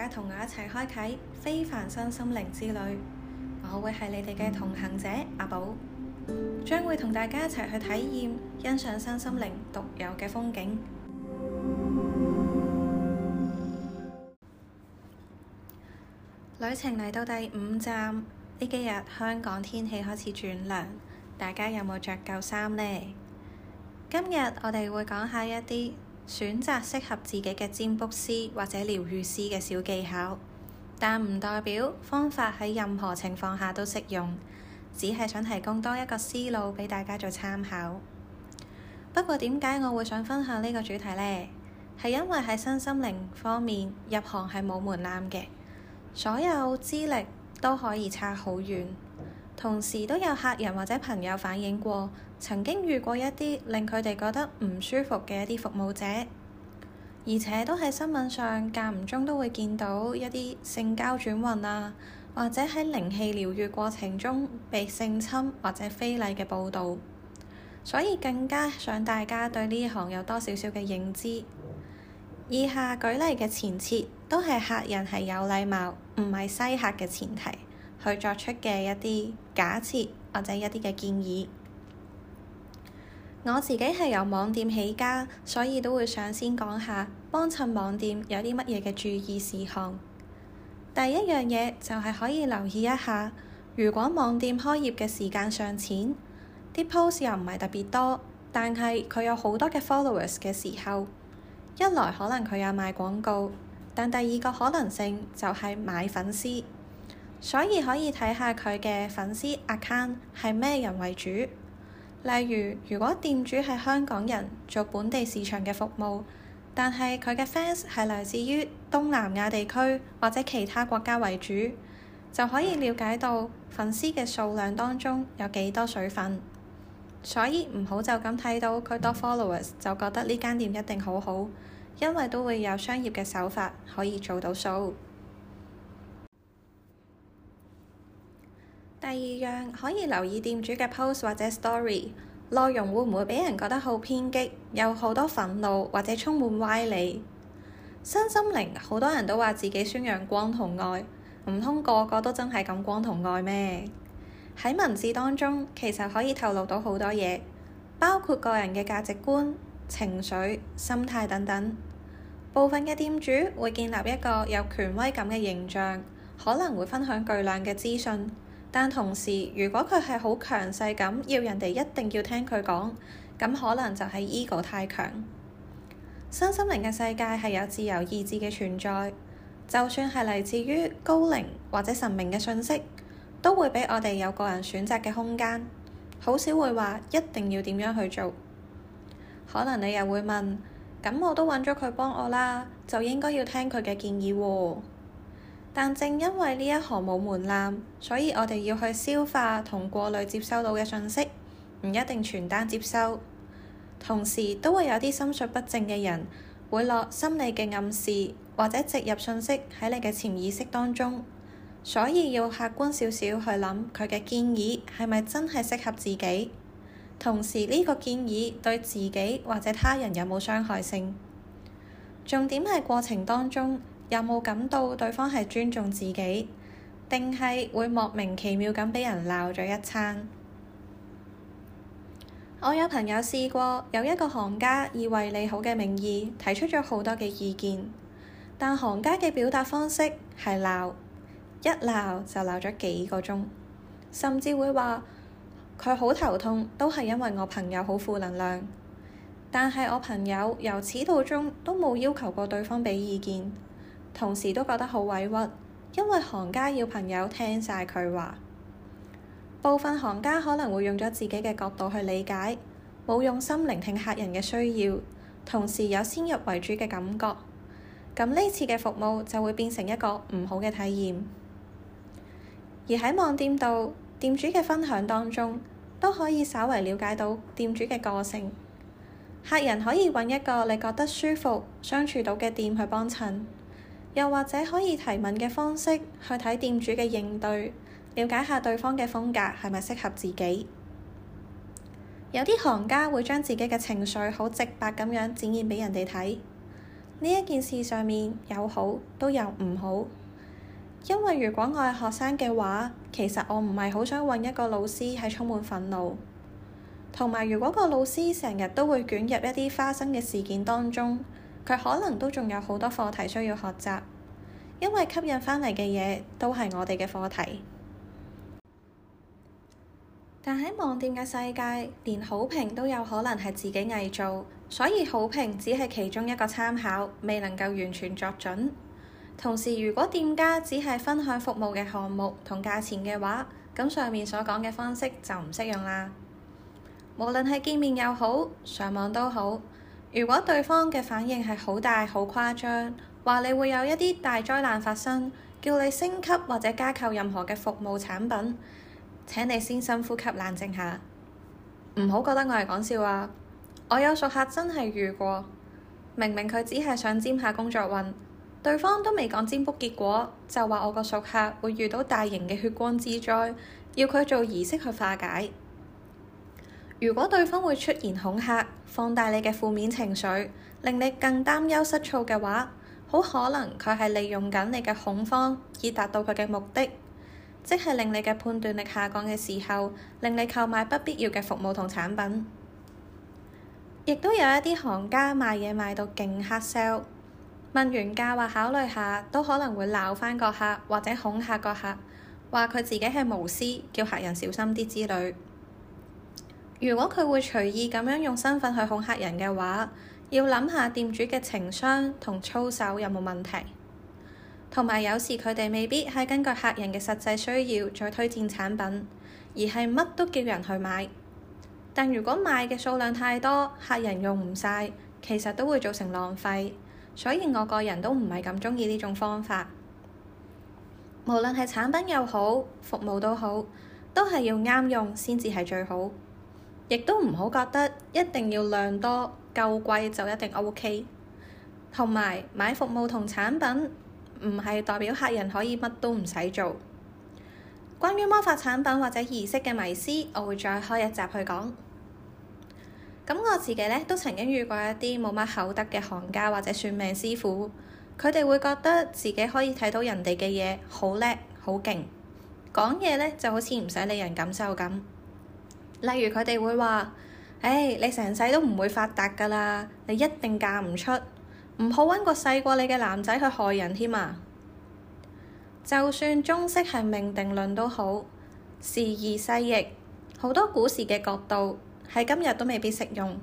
大家同我一齊開啟非凡身心靈之旅，我會係你哋嘅同行者阿寶，將會同大家一齊去體驗欣賞身心靈獨有嘅風景。旅程嚟到第五站，呢幾日香港天氣開始轉涼，大家有冇着夠衫呢？今日我哋會講一下一啲選擇適合自己嘅占卜師或者療癒師嘅小技巧，但唔代表方法喺任何情況下都適用，只係想提供多一個思路畀大家做參考。不過點解我會想分享呢個主題呢？係因為喺身心靈方面入行係冇門檻嘅，所有資歷都可以差好遠。同時都有客人或者朋友反映過，曾經遇過一啲令佢哋覺得唔舒服嘅一啲服務者，而且都喺新聞上間唔中都會見到一啲性交轉運啊，或者喺靈氣療癒過程中被性侵或者非禮嘅報導，所以更加想大家對呢一行有多少少嘅認知。以下舉例嘅前設都係客人係有禮貌，唔係西客嘅前提，去作出嘅一啲假設，或者一啲嘅建議。我自己係由網店起家，所以都會想先講下幫襯網店有啲乜嘢嘅注意事項。第一樣嘢就係可以留意一下，如果網店開業嘅時間尚淺，啲 post 又唔係特別多，但係佢有好多嘅 followers 嘅時候，一來可能佢有賣廣告，但第二個可能性就係買粉絲。所以可以睇下佢嘅粉絲 account 係咩人為主。例如，如果店主係香港人，做本地市場嘅服務，但係佢嘅 fans 係嚟自於東南亞地區或者其他國家為主，就可以了解到粉絲嘅數量當中有幾多水份。所以唔好就咁睇到佢多 followers 就覺得呢間店一定好好，因為都會有商業嘅手法可以做到數。第二樣可以留意店主嘅 post 或者 story，內容會唔會畀人覺得好偏激，有好多憤怒或者充滿歪理？新心靈好多人都話自己宣揚光同愛，唔通個個都真係咁光同愛咩？喺文字當中其實可以透露到好多嘢，包括個人嘅價值觀、情緒、心態等等。部分嘅店主會建立一個有權威感嘅形象，可能會分享巨量嘅資訊。但同時，如果佢係好強勢咁，要人哋一定要聽佢講，咁可能就係 ego 太強。身心靈嘅世界係有自由意志嘅存在，就算係嚟自於高靈或者神明嘅信息，都會畀我哋有個人選擇嘅空間，好少會話一定要點樣去做。可能你又會問，咁我都揾咗佢幫我啦，就應該要聽佢嘅建議喎。但正因為呢一行冇門檻，所以我哋要去消化同過濾接收到嘅信息，唔一定全單接收。同時都會有啲心術不正嘅人會落心理嘅暗示或者植入信息喺你嘅潛意識當中，所以要客觀少少去諗佢嘅建議係咪真係適合自己，同時呢個建議對自己或者他人有冇傷害性。重點係過程當中。有冇感到對方係尊重自己，定係會莫名其妙咁畀人鬧咗一餐？我有朋友試過有一個行家以為你好嘅名義提出咗好多嘅意見，但行家嘅表達方式係鬧，一鬧就鬧咗幾個鐘，甚至會話佢好頭痛，都係因為我朋友好負能量。但係我朋友由始到終都冇要求過對方畀意見。同時都覺得好委屈，因為行家要朋友聽晒佢話。部分行家可能會用咗自己嘅角度去理解，冇用心聆聽客人嘅需要，同時有先入為主嘅感覺，咁呢次嘅服務就會變成一個唔好嘅體驗。而喺網店度，店主嘅分享當中都可以稍為了解到店主嘅個性，客人可以揾一個你覺得舒服、相處到嘅店去幫襯。又或者可以提問嘅方式去睇店主嘅應對，了解下對方嘅風格係咪適合自己。有啲行家會將自己嘅情緒好直白咁樣展現俾人哋睇。呢一件事上面有好都有唔好，因為如果我係學生嘅話，其實我唔係好想揾一個老師係充滿憤怒，同埋如果個老師成日都會捲入一啲花生嘅事件當中。佢可能都仲有好多課題需要學習，因為吸引返嚟嘅嘢都係我哋嘅課題。但喺網店嘅世界，連好評都有可能係自己偽造，所以好評只係其中一個參考，未能夠完全作準。同時，如果店家只係分享服務嘅項目同價錢嘅話，咁上面所講嘅方式就唔適用啦。無論係見面又好，上網都好。如果對方嘅反應係好大好誇張，話你會有一啲大災難發生，叫你升級或者加購任何嘅服務產品，請你先深呼吸冷靜下，唔好覺得我係講笑啊！我有熟客真係遇過，明明佢只係想占下工作運，對方都未講占卜結果，就話我個熟客會遇到大型嘅血光之災，要佢做儀式去化解。如果對方會出言恐嚇、放大你嘅負面情緒，令你更擔憂失措嘅話，好可能佢係利用緊你嘅恐慌以達到佢嘅目的，即係令你嘅判斷力下降嘅時候，令你購買不必要嘅服務同產品。亦都有一啲行家賣嘢賣到勁黑 sell，問完價話考慮下，都可能會鬧返個客或者恐嚇個客，話佢自己係無私，叫客人小心啲之類。如果佢會隨意咁樣用身份去哄客人嘅話，要諗下店主嘅情商同操守有冇問題，同埋有，有時佢哋未必係根據客人嘅實際需要再推薦產品，而係乜都叫人去買。但如果買嘅數量太多，客人用唔晒，其實都會造成浪費，所以我個人都唔係咁鍾意呢種方法。無論係產品又好，服務都好，都係要啱用先至係最好。亦都唔好覺得一定要量多夠貴就一定 OK，同埋買服務同產品唔係代表客人可以乜都唔使做。關於魔法產品或者儀式嘅迷思，我會再開一集去講。咁我自己呢，都曾經遇過一啲冇乜口德嘅行家或者算命師傅，佢哋會覺得自己可以睇到人哋嘅嘢好叻好勁，講嘢呢，就好似唔使理人感受咁。例如佢哋會話：唉、hey，你成世都唔會發達㗎啦，你一定嫁唔出，唔好揾個細過你嘅男仔去害人添啊！就算中式係命定論都好，時移世易，好多古時嘅角度喺今日都未必適用。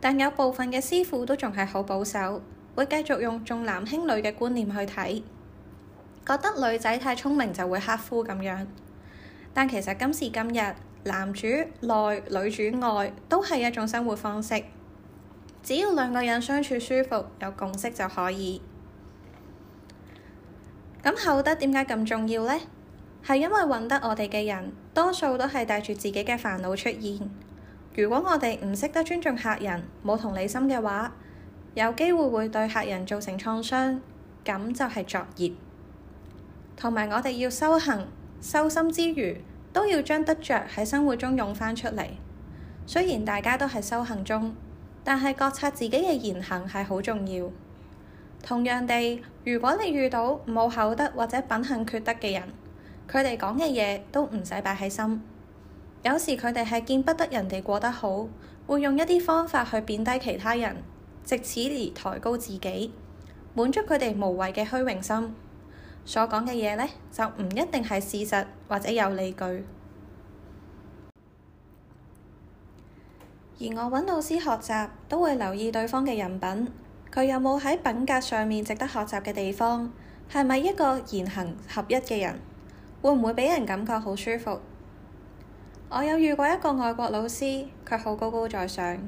但有部分嘅師傅都仲係好保守，會繼續用重男輕女嘅觀念去睇，覺得女仔太聰明就會克夫咁樣。但其實今時今日，男主內，女主外，都係一種生活方式。只要兩個人相處舒服，有共識就可以。咁厚德點解咁重要呢？係因為揾得我哋嘅人多數都係帶住自己嘅煩惱出現。如果我哋唔識得尊重客人，冇同理心嘅話，有機會會對客人造成創傷，咁就係作孽。同埋我哋要修行、修心之餘，都要將得着喺生活中用翻出嚟。雖然大家都係修行中，但係覺察自己嘅言行係好重要。同樣地，如果你遇到冇口德或者品行缺德嘅人，佢哋講嘅嘢都唔使擺喺心。有時佢哋係見不得人哋過得好，會用一啲方法去貶低其他人，藉此而抬高自己，滿足佢哋無謂嘅虛榮心。所講嘅嘢呢，就唔一定係事實或者有理據。而我揾老師學習，都會留意對方嘅人品，佢有冇喺品格上面值得學習嘅地方，係咪一個言行合一嘅人，會唔會畀人感覺好舒服？我有遇過一個外國老師，佢好高高在上，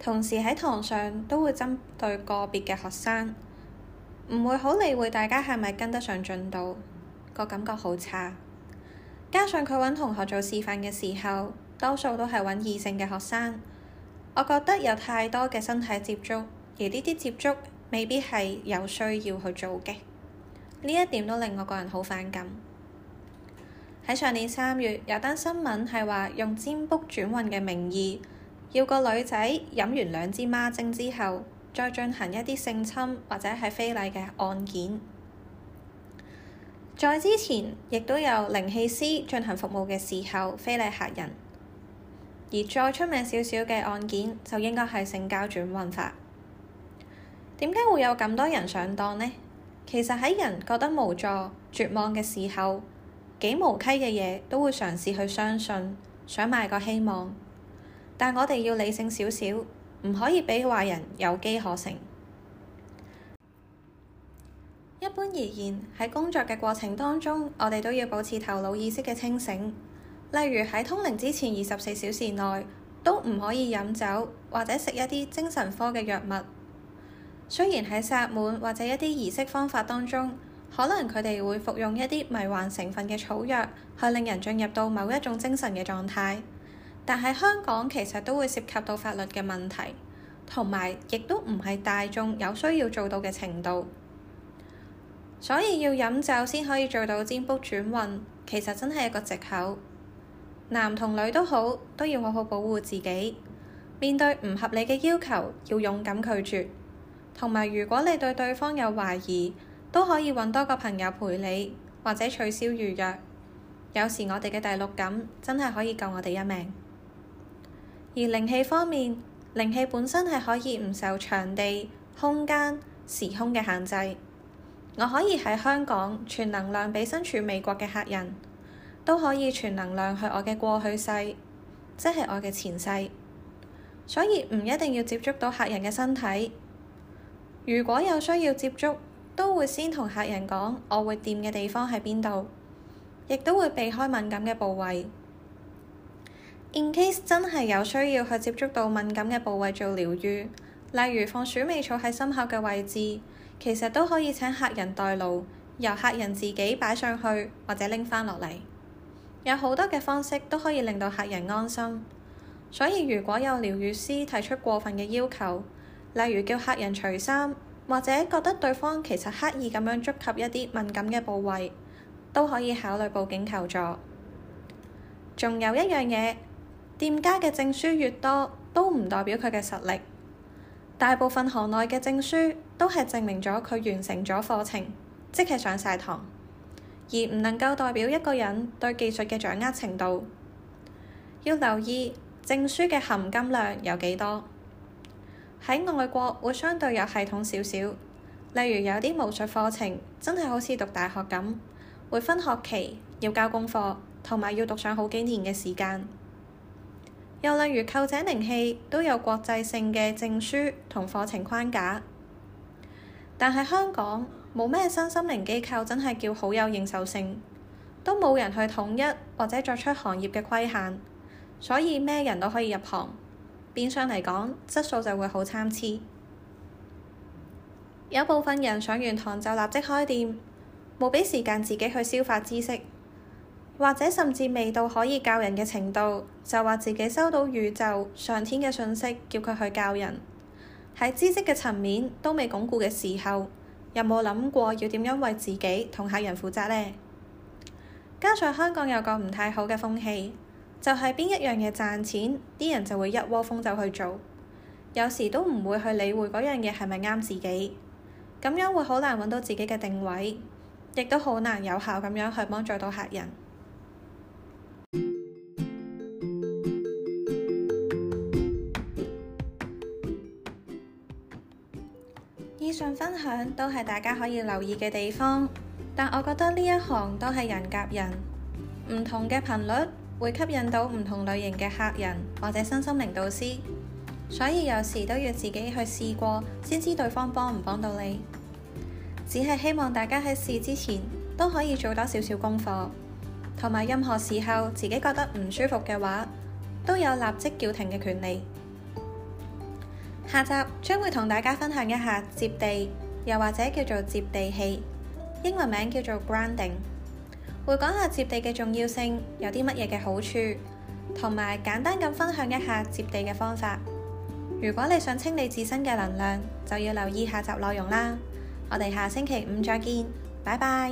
同時喺堂上都會針對個別嘅學生。唔會好理會大家係咪跟得上進度，個感覺好差。加上佢揾同學做示範嘅時候，多數都係揾異性嘅學生，我覺得有太多嘅身體接觸，而呢啲接觸未必係有需要去做嘅。呢一點都令我個人好反感。喺上年三月，有單新聞係話用占卜轉運嘅名義，要個女仔飲完兩支孖精之後，再進行一啲性侵或者係非禮嘅案件。在之前，亦都有靈氣師進行服務嘅時候，非禮客人。而再出名少少嘅案件，就應該係性交轉運法。點解會有咁多人上當呢？其實喺人覺得無助、絕望嘅時候，幾無稽嘅嘢都會嘗試去相信，想買個希望。但我哋要理性少少。唔可以畀壞人有機可乘。一般而言，喺工作嘅過程當中，我哋都要保持頭腦意識嘅清醒。例如喺通靈之前二十四小時內，都唔可以飲酒或者食一啲精神科嘅藥物。雖然喺薩滿或者一啲儀式方法當中，可能佢哋會服用一啲迷幻成分嘅草藥，去令人進入到某一種精神嘅狀態。但係香港其實都會涉及到法律嘅問題，同埋亦都唔係大眾有需要做到嘅程度，所以要飲酒先可以做到占卜轉運，其實真係一個藉口。男同女都好，都要好好保護自己，面對唔合理嘅要求，要勇敢拒絕，同埋如果你對對方有懷疑，都可以搵多個朋友陪你，或者取消預約。有時我哋嘅第六感真係可以救我哋一命。而靈氣方面，靈氣本身係可以唔受場地、空間、時空嘅限制。我可以喺香港傳能量畀身處美國嘅客人，都可以傳能量去我嘅過去世，即係我嘅前世。所以唔一定要接觸到客人嘅身體。如果有需要接觸，都會先同客人講我會掂嘅地方喺邊度，亦都會避開敏感嘅部位。in case 真係有需要去接觸到敏感嘅部位做療癒，例如放鼠尾草喺心口嘅位置，其實都可以請客人代勞，由客人自己擺上去或者拎返落嚟，有好多嘅方式都可以令到客人安心。所以如果有療癒師提出過分嘅要求，例如叫客人除衫，或者覺得對方其實刻意咁樣觸及一啲敏感嘅部位，都可以考慮報警求助。仲有一樣嘢。店家嘅證書越多，都唔代表佢嘅實力。大部分行內嘅證書都係證明咗佢完成咗課程，即係上晒堂，而唔能夠代表一個人對技術嘅掌握程度。要留意證書嘅含金量有幾多。喺外國會相對有系統少少，例如有啲巫術課程真係好似讀大學咁，會分學期，要交功課，同埋要讀上好幾年嘅時間。又例如購井靈氣都有國際性嘅證書同課程框架，但係香港冇咩身心靈機構真係叫好有認受性，都冇人去統一或者作出行業嘅規限，所以咩人都可以入行，變相嚟講質素就會好參差。有部分人上完堂就立即開店，冇畀時間自己去消化知識。或者甚至未到可以教人嘅程度，就話自己收到宇宙上天嘅信息，叫佢去教人。喺知識嘅層面都未鞏固嘅時候，有冇諗過要點樣為自己同客人負責咧？加上香港有個唔太好嘅風氣，就係邊一樣嘢賺錢，啲人就會一窩蜂就去做，有時都唔會去理會嗰樣嘢係咪啱自己，咁樣會好難搵到自己嘅定位，亦都好難有效咁樣去幫助到客人。以上分享都係大家可以留意嘅地方，但我覺得呢一行都係人夾人，唔同嘅頻率會吸引到唔同類型嘅客人或者身心靈導師，所以有時都要自己去試過先知對方幫唔幫到你。只係希望大家喺試之前都可以做多少少功課，同埋任何時候自己覺得唔舒服嘅話，都有立即叫停嘅權利。下集將會同大家分享一下接地，又或者叫做接地器，英文名叫做 grounding。會講下接地嘅重要性，有啲乜嘢嘅好處，同埋簡單咁分享一下接地嘅方法。如果你想清理自身嘅能量，就要留意下集內容啦。我哋下星期五再見，拜拜。